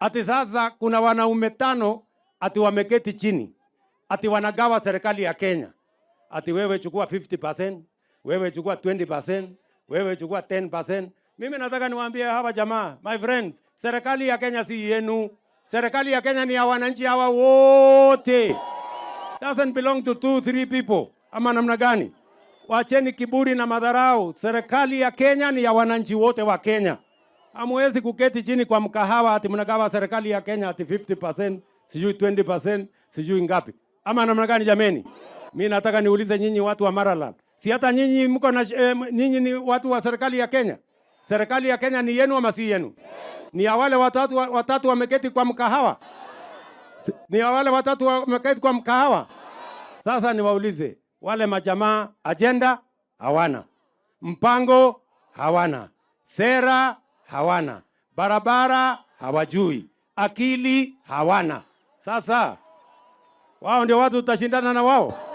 Ati sasa kuna wanaume tano ati wameketi chini ati wanagawa serikali ya Kenya ati wewe chukua 50%, wewe chukua 20%, wewe chukua 10%. Mimi nataka niwaambie hawa jamaa, my friends, serikali ya Kenya si yenu. Serikali ya Kenya ni ya wananchi hawa wote. Doesn't belong to two, three people. Ama namna gani? Wacheni kiburi na madharau. Serikali ya Kenya ni ya wananchi wote wa Kenya. Hamwezi kuketi chini kwa mkahawa ati mnagawa serikali ya Kenya ati 50%, sijui 20%, sijui ngapi. Ama namna gani jameni? Mimi nataka niulize nyinyi watu wa Maraland. Si hata nyinyi mko na eh, nyinyi ni watu wa serikali ya Kenya. Serikali ya Kenya ni yenu ama si yenu? Ni ya wale watatu watatu wameketi kwa mkahawa. Ni ya wale watatu wameketi kwa mkahawa. Sasa niwaulize wale majamaa, ajenda hawana, mpango hawana, sera hawana, barabara hawajui, akili hawana. Sasa wao ndio watu tutashindana na wao?